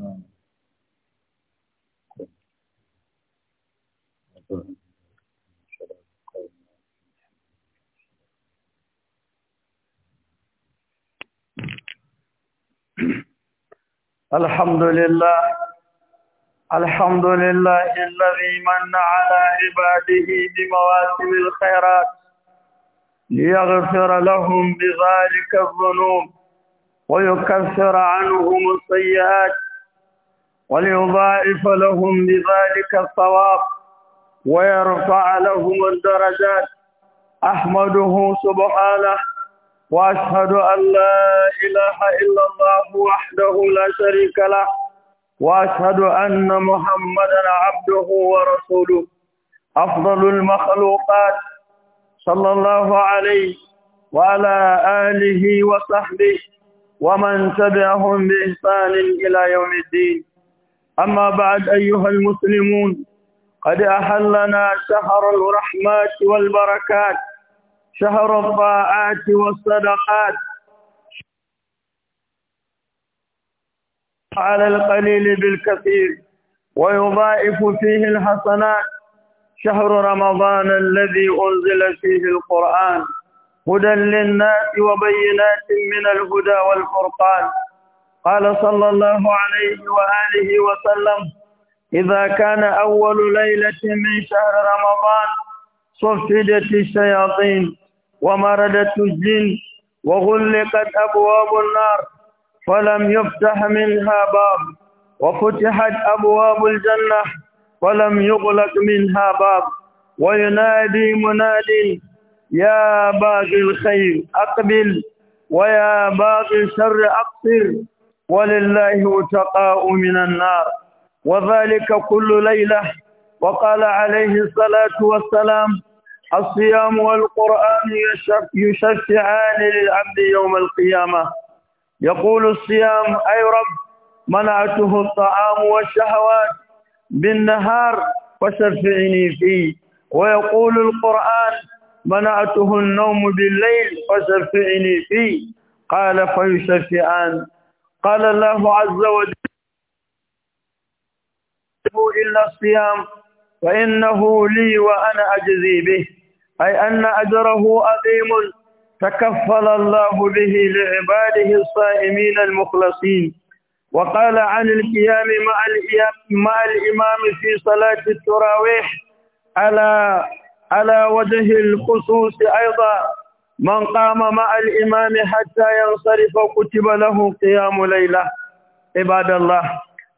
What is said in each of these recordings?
آه. الحمد لله الحمد لله الذي من على عباده بمواسم الخيرات ليغفر لهم بذلك الظنوب ويكفر عنهم السيئات وليضاعف لهم بذلك الثواب ويرفع لهم الدرجات أحمده سبحانه وأشهد أن لا إله إلا الله وحده لا شريك له وأشهد أن محمدا عبده ورسوله أفضل المخلوقات صلى الله عليه وعلى آله وصحبه ومن تبعهم بإحسان إلى يوم الدين أما بعد أيها المسلمون قد أحلنا شهر الرحمات والبركات شهر الطاعات والصدقات على القليل بالكثير ويضاعف فيه الحسنات شهر رمضان الذي أنزل فيه القرآن هدى للناس وبينات من الهدى والفرقان قال صلى الله عليه وآله وسلم إذا كان أول ليلة من شهر رمضان صفدت الشياطين ومردت الجن وغلقت أبواب النار فلم يفتح منها باب وفتحت أبواب الجنة فلم يغلق منها باب وينادي مناد يا باقي الخير أقبل ويا باقي الشر أقصر ولله وتقاء من النار وذلك كل ليلة وقال عليه الصلاة والسلام الصيام والقرآن يشفعان للعبد يوم القيامة يقول الصيام أي رب منعته الطعام والشهوات بالنهار فشفعني فيه ويقول القرآن منعته النوم بالليل فشفعني فيه قال فيشفعان قال الله عز وجل إلا الصيام فإنه لي وأنا أجزي به أي أن أجره عظيم تكفل الله به لعباده الصائمين المخلصين وقال عن القيام مع مع الإمام في صلاة التراويح على على وجه الخصوص أيضا من قام مع الإمام حتى ينصرف كتب له قيام ليلة عباد الله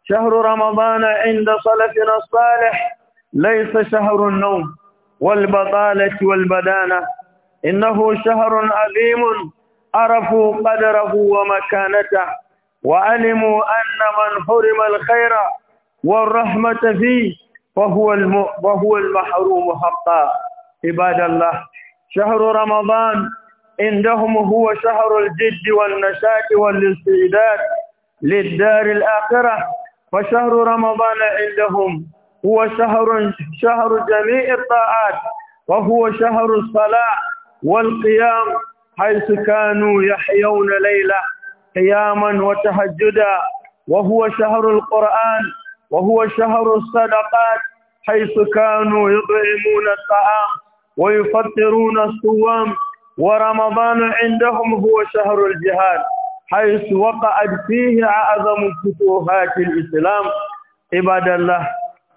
شهر رمضان عند صلفنا الصالح ليس شهر النوم والبطالة والبدانة إنه شهر عظيم عرفوا قدره ومكانته وعلموا أن من حرم الخير والرحمة فيه فهو المحروم حقا عباد الله شهر رمضان عندهم هو شهر الجد والنشاط والاستعداد للدار الآخرة فشهر رمضان عندهم هو شهر شهر جميع الطاعات وهو شهر الصلاة والقيام حيث كانوا يحيون ليلة قياما وتهجدا وهو شهر القرآن وهو شهر الصدقات حيث كانوا يطعمون الطعام ويفطرون الصوام ورمضان عندهم هو شهر الجهاد حيث وقعت فيه أعظم فتوحات الإسلام عباد الله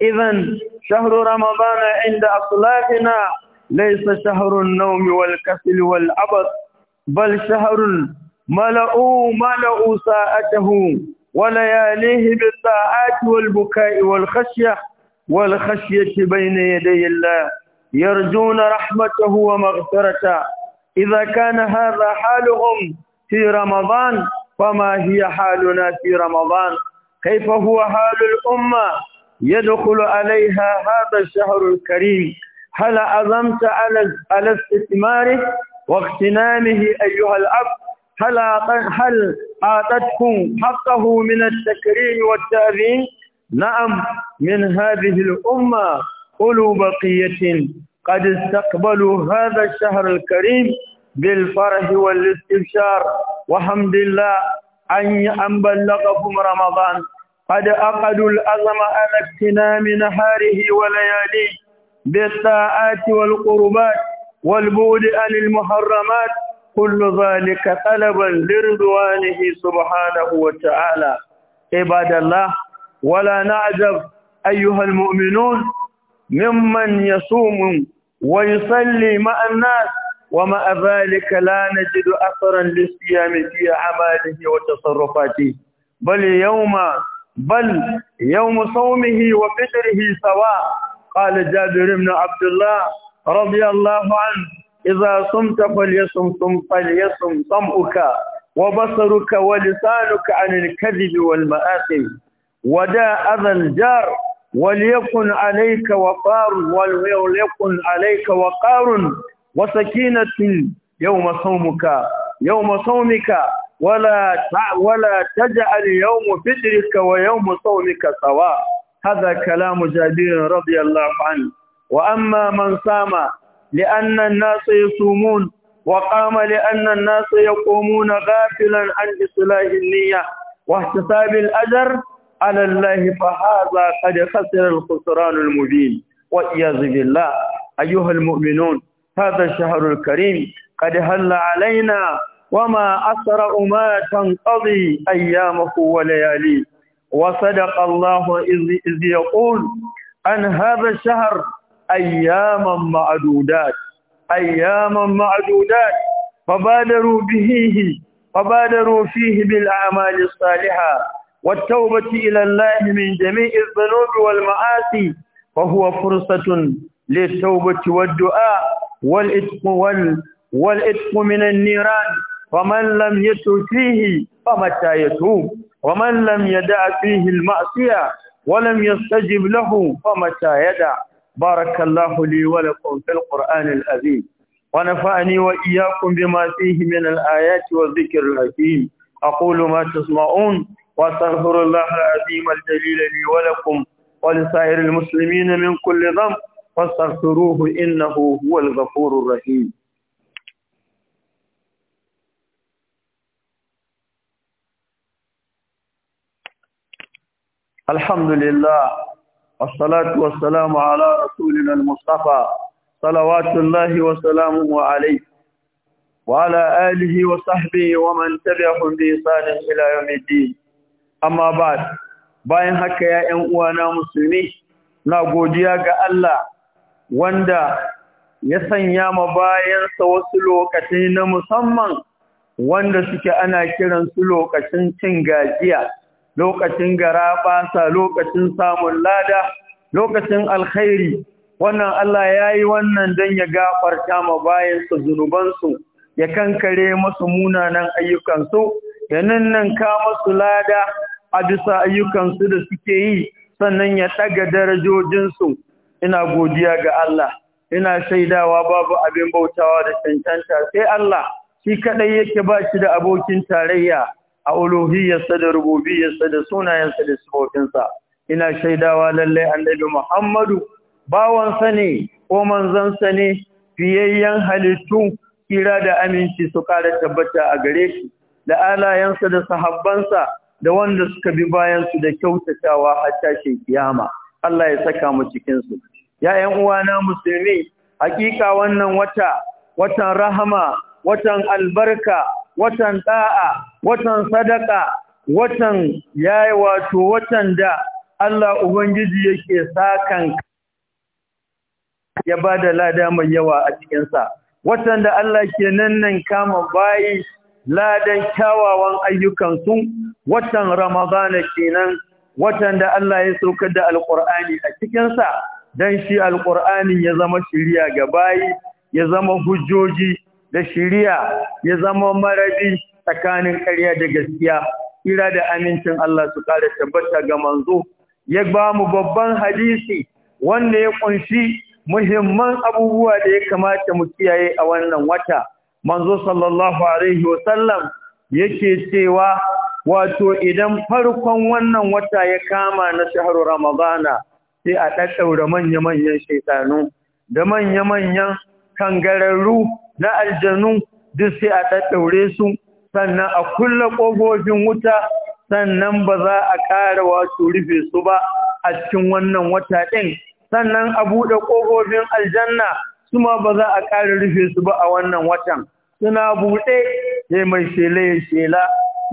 إذا شهر رمضان عند أخلاقنا ليس شهر النوم والكسل والعبث بل شهر ملأوا ملأوا ساعته ولياليه بالطاعات والبكاء والخشية والخشية بين يدي الله يرجون رحمته ومغفرته إذا كان هذا حالهم في رمضان فما هي حالنا في رمضان كيف هو حال الأمة يدخل عليها هذا الشهر الكريم هل أظمت على استثماره واغتنامه أيها الأب هل هل أعطتكم حقه من التكريم والتأذين نعم من هذه الأمة أولو بقية قد استقبلوا هذا الشهر الكريم بالفرح والاستبشار وحمد الله أن بلغهم رمضان قد أقدوا الأظم على اغتنام نهاره ولياليه بالطاعات والقربات والبود عن المحرمات كل ذلك طلبا لرضوانه سبحانه وتعالى عباد الله ولا نعجب أيها المؤمنون ممن يصوم ويصلي مع الناس ومع ذلك لا نجد أثرا للصيام في أعماله وتصرفاته بل يوم بل يوم صومه وفطره سواء قال جابر بن عبد الله رضي الله عنه إذا صمت فليصم صم فليصم صمؤك وبصرك ولسانك عن الكذب والمآثم وداء أذى الجار وليكن عليك وقار وليكن عليك وقار وسكينة يوم صومك يوم صومك ولا ولا تجعل يوم فجرك ويوم صومك سواء هذا كلام جابر رضي الله عنه وأما من صام لأن الناس يصومون وقام لأن الناس يقومون غافلا عن إصلاح النية واحتساب الأجر على الله فهذا قد خسر الخسران المبين وإياذ بالله أيها المؤمنون هذا الشهر الكريم قد هل علينا وما أسرع ما تنقضي أيامه ولياليه وصدق الله إذ يقول أن هذا الشهر أياما معدودات أياما معدودات فبادروا به فبادروا فيه بالأعمال الصالحة والتوبة إلى الله من جميع الذنوب والمعاصي فهو فرصة للتوبة والدعاء والإتق وال والإتق من النيران فمن لم يتو فيه فمتى يتوب ومن لم يدع فيه المعصية ولم يستجب له فمتى يدع بارك الله لي ولكم في القرآن العظيم ونفعني وإياكم بما فيه من الآيات والذكر الحكيم أقول ما تسمعون وأستغفر الله العظيم الجليل لي ولكم ولسائر المسلمين من كل ذنب فاستغفروه إنه هو الغفور الرحيم الحمد لله والصلاة والسلام على رسولنا المصطفى صلوات الله وسلامه عليه وعلى آله وصحبه ومن تبعهم بإحسان إلى يوم الدين amma ba bayan haka ya ‘yan uwana musulmi na godiya ga Allah wanda ya sanya ma bayansa wasu lokaci na musamman wanda suke ana kiransu lokacin cin gajiya lokacin garaɓasa, lokacin samun lada lokacin alkhairi wannan Allah ya yi wannan don ya gafarta ma bayansa zunubansu ya kankare masu munanan ayyukansu nan ka masu lada a bisa ayyukansu da suke yi sannan ya ɗaga darajojinsu ina godiya ga Allah ina shaidawa babu abin bautawa da cancanta sai Allah shi kaɗai yake ba shi da abokin tarayya a uluhiyarsa da rububiyarsa da sunayensa da sifofinsa ina shaidawa lallai annabi Muhammadu bawansa ne ko manzansa ne fiyayyen halittu kira da aminci su ƙara tabbata a gare shi da alayensa da sahabbansa da wanda suka bi bayan su da kyautatawa a tashin kiyama Allah ya saka mu cikin su ya ƴan uwana musulmi hakika wannan wata watan rahama watan albarka watan da'a watan sadaka watan yayi wato watan da Allah ubangiji yake sakan ya bada lada mai yawa a cikin sa watan da Allah ke nan nan kama bayi ladan kyawawan ayyukansu watan ramadana kenan watan da Allah ya saukar da alqur'ani a cikinsa dan shi alqur'ani ya zama shiriya ga bayi ya zama hujjoji da shiriya ya zama marabi tsakanin karya da gaskiya kira da amincin Allah su ƙara tabbata ga manzo ya ba mu babban hadisi wanda ya kunshi muhimman abubuwa da ya kamata mu kiyaye a wannan wata manzo sallallahu alaihi wasallam yake cewa wato idan farkon wannan wata ya kama na shahru ramadana sai a daddaura manya-manyan shaitanu da manya-manyan kangararru na aljanu duk sai a daddaure su sannan a kulle kogogin wuta sannan ba za a ƙara wato rufe su ba a cikin wannan wata ɗin sannan a buɗe ƙofofin aljanna Su ma ba za a ƙara rufe su ba a wannan watan suna buɗe sai mai shela ya shela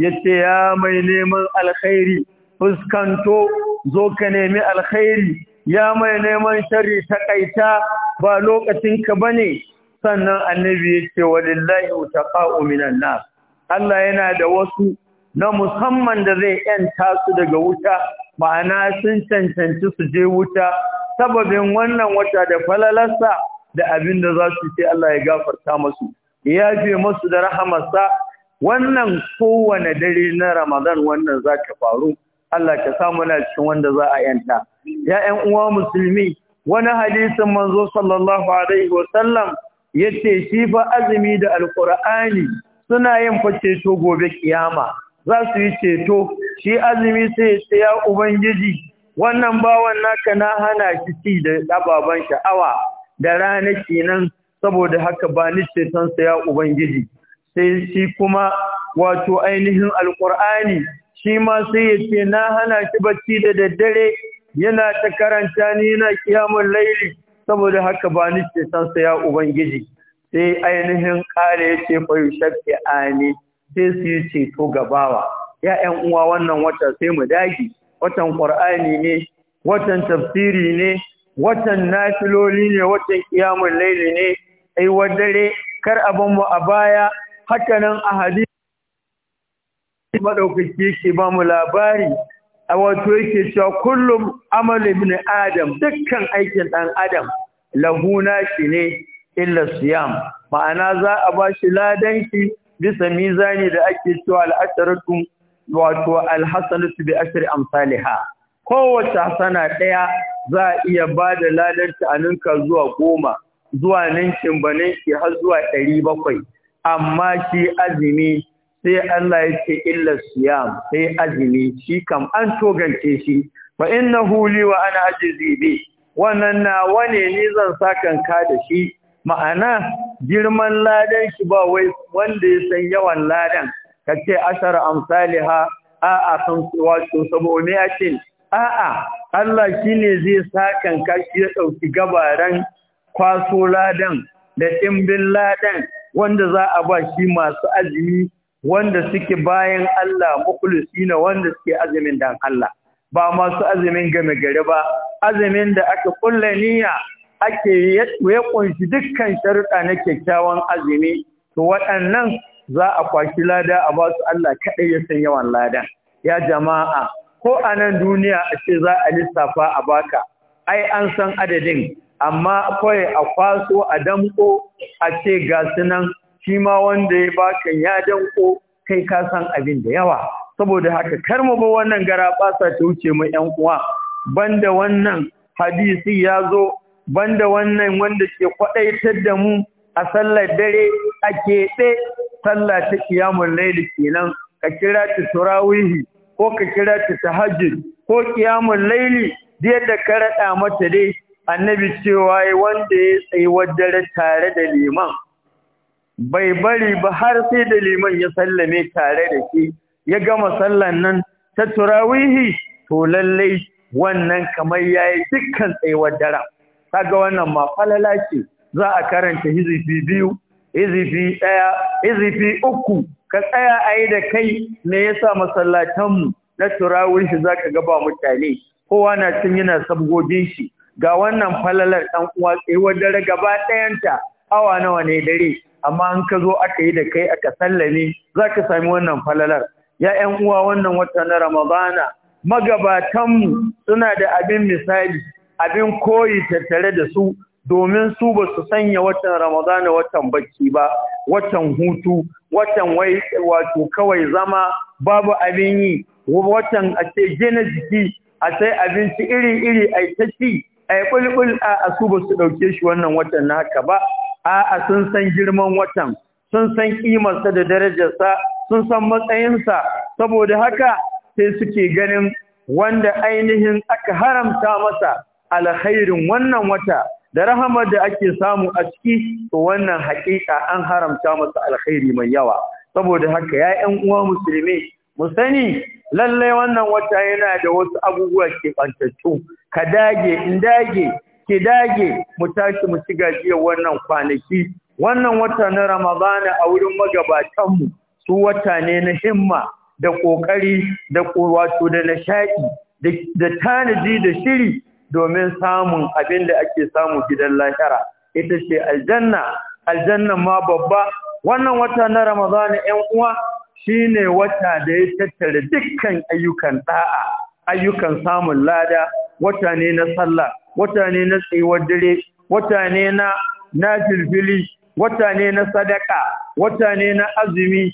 ya ce ya mai neman alkhairi fuskanto zo ka nemi alkhairi ya mai neman shari takaita ba lokacin ba ne sannan annabi ya ce wa lillahi utaqa'u minan nar Allah yana da wasu na musamman da zai ‘yanta su daga wuta, ma'ana sun cancanci su je wuta, sababin wannan wata da falalarsa da abin da za su ce Allah ya gafarta masu ya fi masu da rahamarsa wannan kowane dare na Ramadan wannan za ka faru Allah ka samu na cikin wanda za a yanta ya ƴan uwa musulmi wani hadisin manzo sallallahu alaihi wa sallam yace shi fa azumi da alqur'ani suna yin fice to gobe kiyama za su yi ceto shi azumi sai sai ya ubangiji wannan bawan naka na hana shi ci da ababan sha'awa da rana kenan saboda haka ba ni cetonsa ya ubangiji sai shi kuma wato ainihin alqur'ani shi ma sai ya ce na hana shi bacci da daddare yana ta karanta ni yana kiyamun laili saboda haka ba ni cetonsa ya ubangiji sai ainihin ƙara ya ce fayu shafi ani sai su yi ceto gabawa ya'yan uwa wannan wata sai mu dage watan ƙur'ani ne watan tafsiri ne watan nafiloli ne watan kiyamun laili ne ai wadare kar abin mu a baya haka nan a hadisi madaukaki yake ba mu labari a wato yake cewa kullum amal ibn adam dukkan aikin dan adam lahu shi ne illa siyam ma'ana za a ba shi ladan shi bisa mizani da ake cewa al'asharatu wato alhasanatu bi ashri amsalha kowace hasana daya za a iya ba da ladarta a ninka zuwa goma zuwa ninkin ba ninki har zuwa ɗari bakwai amma shi azumi sai Allah ya ce illa siyam sai azumi shi kam an togance shi fa innahu li wa ana ajizi bi wannan na ne ni zan sa ka da shi ma'ana girman ladan shi ba wai wanda ya san yawan ladan kace ashara amsaliha a a kan wato saboda ne a a'a Allah shi ne zai sakan kashi ya ɗauki gabaran kwaso ladan da dimbin ladan wanda za a ba shi masu azumi wanda suke bayan Allah na wanda suke azumin dan Allah ba masu azumin game gari ba azumin da aka kulla niyya ake ya kunshi dukkan sharuɗa na kyakkyawan azumi to waɗannan za a kwashi lada a ba su Allah kaɗai ya san yawan Ladan ya jama'a ko a nan duniya a ce za a lissafa a baka ai an san adadin amma kawai a kwaso a damko a ce ga sunan shi ma wanda ya baka ya damko kai ka san abin da yawa saboda haka kar mu ba wannan gara basa ta wuce mu 'yan uwa banda wannan hadisi ya zo banda wannan wanda ke kwaɗaitar da mu a sallar dare a keɓe sallah ta kiyamun laili kenan ka kira ta turawihi ko ka kira ta tahajjud ko qiyamul laili da yadda ka rada mata dai annabi cewa wanda ya tsayi dare tare da liman bai bari ba har sai da liman ya sallame tare da shi ya gama sallan nan ta turawihi to lallai wannan kamar yayi dukkan tsayuwar Ta kaga wannan ma falala ce za a karanta hizifi biyu hizifi ɗaya hizifi uku ka tsaya a yi da kai me yasa masallatanmu na turawun shi za ka gaba mutane kowa na cin yana sabgogin shi ga wannan falalar ɗan uwa tsayuwar dare gaba ɗayanta awa nawa ne dare amma an ka zo aka yi da kai aka sallame za ka sami wannan falalar ya ƴan uwa wannan wata na ramadana magabatanmu suna da abin misali abin koyi tattare da su domin su ba su sanya watan ramadana watan bacci ba watan hutu watan wai wato kawai zama babu abin yi watan a ce gina jiki a sai abinci iri-iri a ta ci a yi ƙulƙul a su ba su ɗauke shi wannan watan na haka ba a sun san girman watan sun san ƙimarsa da darajarsa sun san matsayinsa saboda haka sai suke ganin wanda ainihin aka haramta masa alkhairin wannan wata da rahamar da ake samu a ciki to wannan haƙiƙa an haramta masa alkhairi mai yawa saboda haka ya 'yan uwa musulmi mu sani lallai wannan wata yana da wasu abubuwa ke bantattu ka dage in dage ki dage mu tashi mu shiga jiya wannan kwanaki wannan wata na ramadana a wurin magabatanmu su wata ne na himma da ƙoƙari da wato da nishaɗi da tanadi da shiri domin samun abin da ake samu gidan lahira ita ce aljanna aljanna ma babba wannan wata na ramadana yan uwa shine wata da ya tattara dukkan ayyukan da'a ayyukan samun lada wata ne na sallah wata ne na tsayuwar dare wata ne na nafilfili wata ne na sadaka wata ne na azumi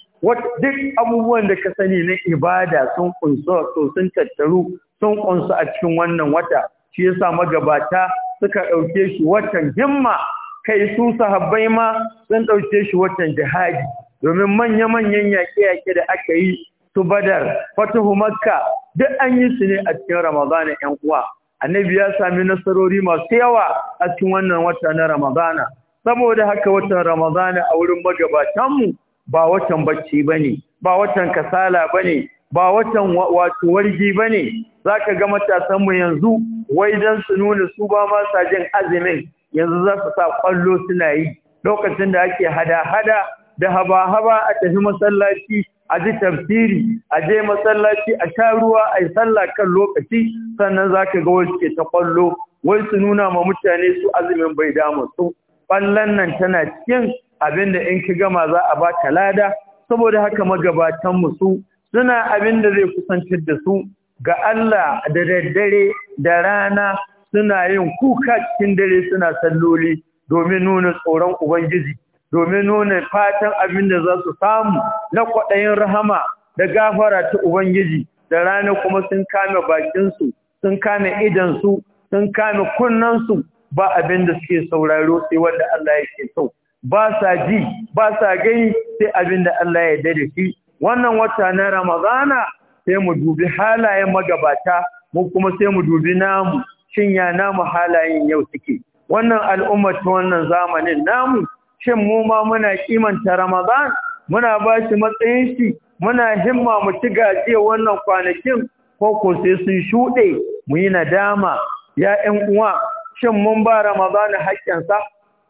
duk abubuwan da ka sani na ibada sun kunsu sun tattaru sun kunsu a cikin wannan wata shi yasa magabata suka ɗauke shi watan himma kai su sahabbai ma sun ɗauke shi watan jihadi domin manya-manyan yaƙe-yaƙe da aka yi su badar fatuhu makka duk an yi su ne a cikin ramadana yan uwa annabi ya sami nasarori masu yawa a cikin wannan wata na ramadana saboda haka watan ramadana a wurin magabatanmu ba watan bacci ba ne, ba watan kasala ba ne, ba watan wato wargi bane za ka ga matasanmu yanzu wai don su nuna su ba ma jin azumin yanzu za su sa kwallo suna yi lokacin da ake hada-hada da haba-haba a tafi masallaci a ji tafsiri a je masallaci a sha ruwa a yi sallah kan lokaci sannan za ka ga wasu ke ta kwallo wai su nuna ma mutane su azumin bai damu su kwallon nan tana cikin abin da in ka gama za a ba ta lada saboda haka magabatanmu su suna abin da zai kusantar da su ga Allah da daddare da rana suna yin kuka cikin dare suna salloli domin nuna tsoron Ubangiji, domin nuna fatan abin da za su samu na kwaɗayin rahama da gafara ta Ubangiji, da rana kuma sun kame bakinsu, sun kame idansu, sun kame kunnansu ba abin da suke sauraro sai wanda Allah ya ke so. Ba sa ji, ba sa gani sai abin da Allah ya dare shi. Wannan wata na Ramadana sai mu dubi halayen magabata mu kuma sai mu dubi namu shin ya namu halayen yau suke wannan al'ummar ta wannan zamanin namu shin mu ma muna kimanta Ramadan muna ba shi matsayin shi muna himma mu ci gaje wannan kwanakin ko ko sai sun shuɗe mu yi nadama ya ƴan uwa shin mun ba Ramadan haƙƙinsa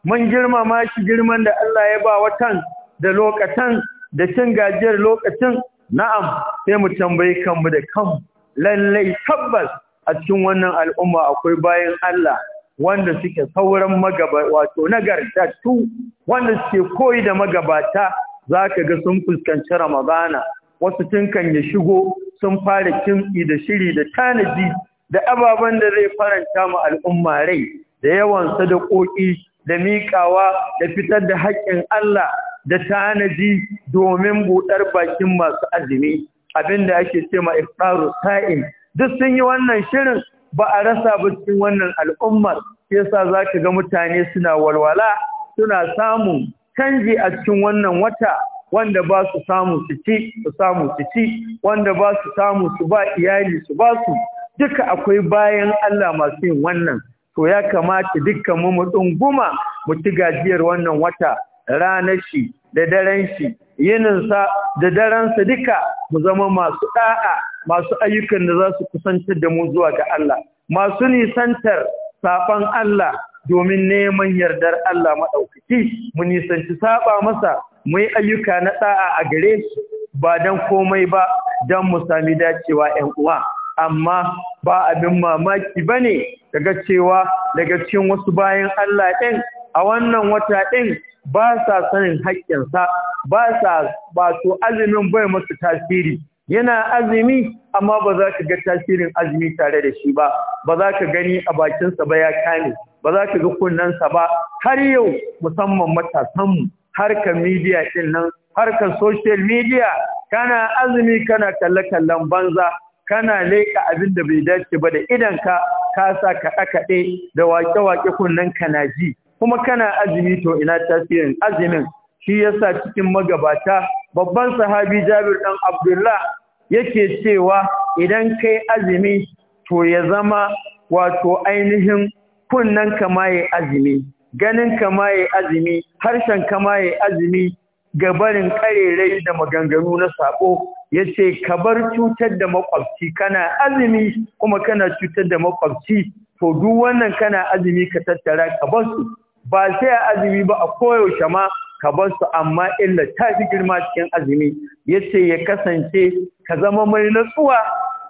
mun girmama shi girman da Allah ya ba watan da lokacin da cin gajiyar lokacin na'am sai mu tambayi kanmu da kan lallai tabbas a cikin wannan al'umma akwai bayan Allah wanda suke sauran magaba wato nagartattu wanda suke koyi da magabata zaka ga sun fuskanci Ramadana wasu tunkan ya shigo sun fara kintsi da shiri da tanadi da ababen da zai faranta mu al'umma rai da yawan sadakoki da miƙawa da fitar da haƙƙin Allah da tanaji domin buɗar bakin masu azumi abinda ake ce ma iftaru sa'in duk sun yi wannan shirin ba a rasa ba cikin wannan al'ummar yasa za ka ga mutane suna walwala suna samun canji a cikin wannan wata wanda ba su samu su ci su samu su ci wanda ba su samu su ba iyali su ba su duka akwai bayan Allah masu yin wannan to ya kamata dukkan mu mu dunguma mu ci gajiyar wannan wata ranar shi da daren shi yininsa da daransa duka mu zama masu da'a masu ayyukan da za su kusantar da mu zuwa ga Allah masu nisantar safan Allah domin neman yardar Allah maɗaukaki mu nisanci saba masa mu yi ayyuka na da'a a gare shi ba don komai ba don mu sami dacewa 'yan uwa amma ba abin mamaki ba ne daga cewa daga cikin wasu bayan Allah ɗin a wannan wata ɗin ba sa sanin haƙƙinsa ba sa wato azumin bai masa tasiri yana azumi amma ba za ka ga tasirin azumi tare da shi ba ba za ka gani a bakinsa ba ya kane ba za ka ga kunnensa ba har yau musamman matasanmu harkar midiya ɗin nan harkar social media kana azumi kana kalle-kallen banza kana leƙa abin da bai dace ba da idanka ka sa kaɗe-kaɗe da wake-wake kunnen kana ji kuma kana azumi to ina tasirin azumin shi yasa cikin magabata babban sahabi Jabir dan Abdullah yake cewa idan kai azumi to ya zama wato ainihin kunnan kamaye azumi ganin kamaye azumi harshen kamaye azumi gabarin karerai da maganganu na sako yace ka bar cutar da makwabci kana azumi kuma kana cutar da makwabci to duk wannan kana azumi ka tattara ka bar su ba sai a azumi ba a koyaushe ma ka bar su amma illa ta fi girma cikin azumi ya ce ya kasance ka zama mai natsuwa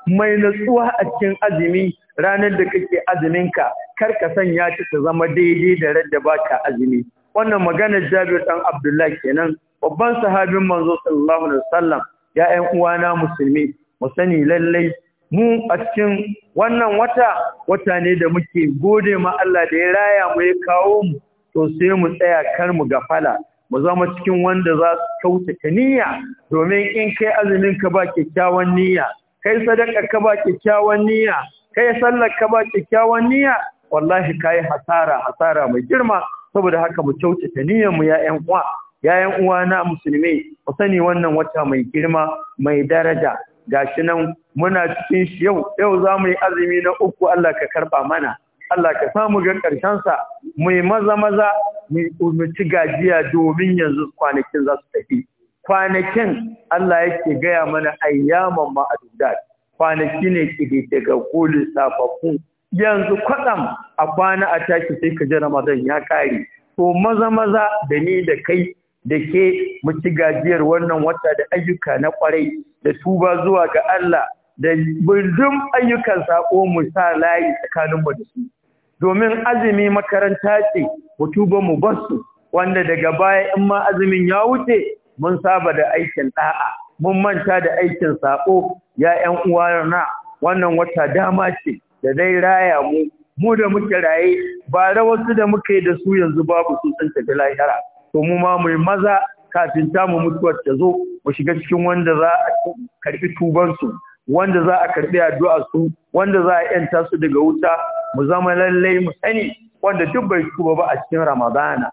mai natsuwa a cikin azumi ranar da kake azuminka kar ka sanya ta ta zama daidai da radda baka azumi wannan maganar Jabir dan Abdullah kenan babban sahabin manzo sallallahu alaihi wasallam ya ƴan uwana musulmi mu sani lallai mu a cikin wannan wata wata ne da muke gode ma Allah da ya raya mu ya kawo mu to sai mu tsaya kar mu gafala mu zama cikin wanda za su kyautata niyya domin in kai azumin ka ba kyakkyawan niyya kai sadaka ka ba kyakkyawan niyya kai sallar ka ba kyakkyawan niyya wallahi kai hasara hasara mai girma saboda haka mu kyautata niyyar mu ya ƴan uwa ya uwa na musulmi mu sani wannan wata mai girma mai daraja gashi nan muna cikin shi yau yau za mu yi azumi na uku Allah ka karba mana Allah ka samu ga ƙarshensa mu yi maza maza mu ci gajiya domin yanzu kwanakin za su tafi kwanakin Allah yake gaya mana ayyaman ma'adudat kwanaki ne ke daga kulin safafu yanzu kwatsam a kwana a tashi sai ka ji Ramadan ya kare to maza maza da ni da kai da ke mu ci gajiyar wannan wata da ayyuka na kwarai da tuba zuwa ga Allah da bindin ayyukan saƙo mu sa layi tsakanin mu da su domin azumi makaranta ce mu tuba mu basu wanda daga baya in ma azumin ya wuce mun saba da aikin ɗa'a, mun manta da aikin saƙo, ya uwa uwana wannan wata dama ce da dai raya mu mu da muke raye ba wasu da muke da su yanzu babu sun tsinta da lahira to mu ma mu maza kafin ta mu mutuwar ta zo mu shiga cikin wanda za a karbi tuban su wanda za a karbi addu'a su wanda za a yanta su daga wuta mu zama lallai mu sani wanda duk bai tuba ba a cikin ramadana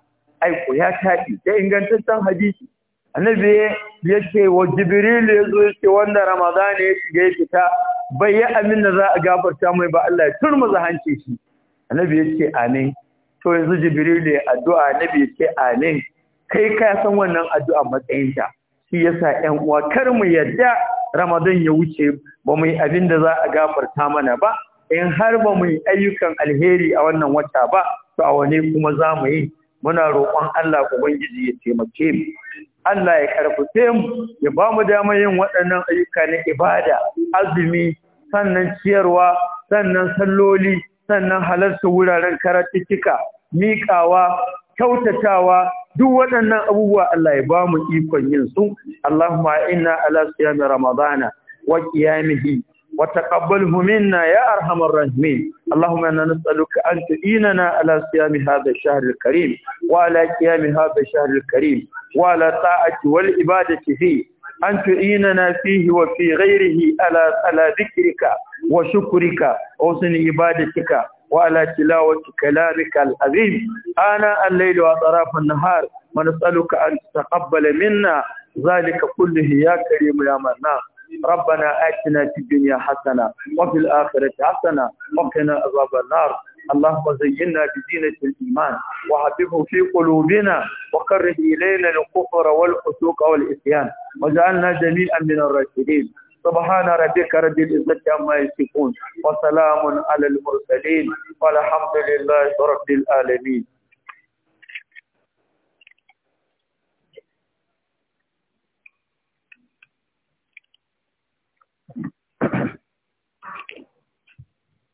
ko ya tafi da ingantaccen hadisi annabi ya ce wa jibril ya zo ya ce wanda ramadana ya shiga ya fita bai yi amin da za a gafarta mai ba Allah ya turmuza hanci shi annabi ya ce amin to yanzu jibril ne addu'a nabi ce amin kai ka san wannan addu'a matsayinta shi yasa ƴan uwa kar mu yadda ramadan ya wuce ba mu yi abin da za a gafarta mana ba in har ba mu yi ayyukan alheri a wannan wata ba to a wane kuma za mu yi muna roƙon Allah ubangiji ya taimake mu Allah ya karfafe mu ya ba mu damar yin waɗannan ayyuka na ibada azumi sannan ciyarwa sannan salloli sannan halarta wuraren karatuttuka miƙawa kyautatawa duk waɗannan abubuwa Allah ya ba mu ikon yin su Allahumma inna ala siyami ramadana wa qiyamihi wa taqabbalhu minna ya arhamar rahimin Allahumma inna nas'aluka an tu'inana ala siyami hadha ash-shahr al-karim wa ala qiyami hadha ash-shahr al-karim wa ala ta'ati wal ibadati fihi أن تعيننا فيه وفي غيره على على ذكرك وشكرك وحسن عبادتك وعلى تلاوة كلامك العظيم آناء الليل وأطراف النهار ونسألك أن تتقبل منا ذلك كله يا كريم يا منان ربنا آتنا في الدنيا حسنة وفي الآخرة حسنة وقنا عذاب النار اللهم زينا بزينة الإيمان وحببه في قلوبنا وكره إلينا الكفر والفسوق والإسيان وجعلنا جميعا من الراشدين سبحان ربك رب العزة عما يصفون وسلام على المرسلين والحمد لله رب العالمين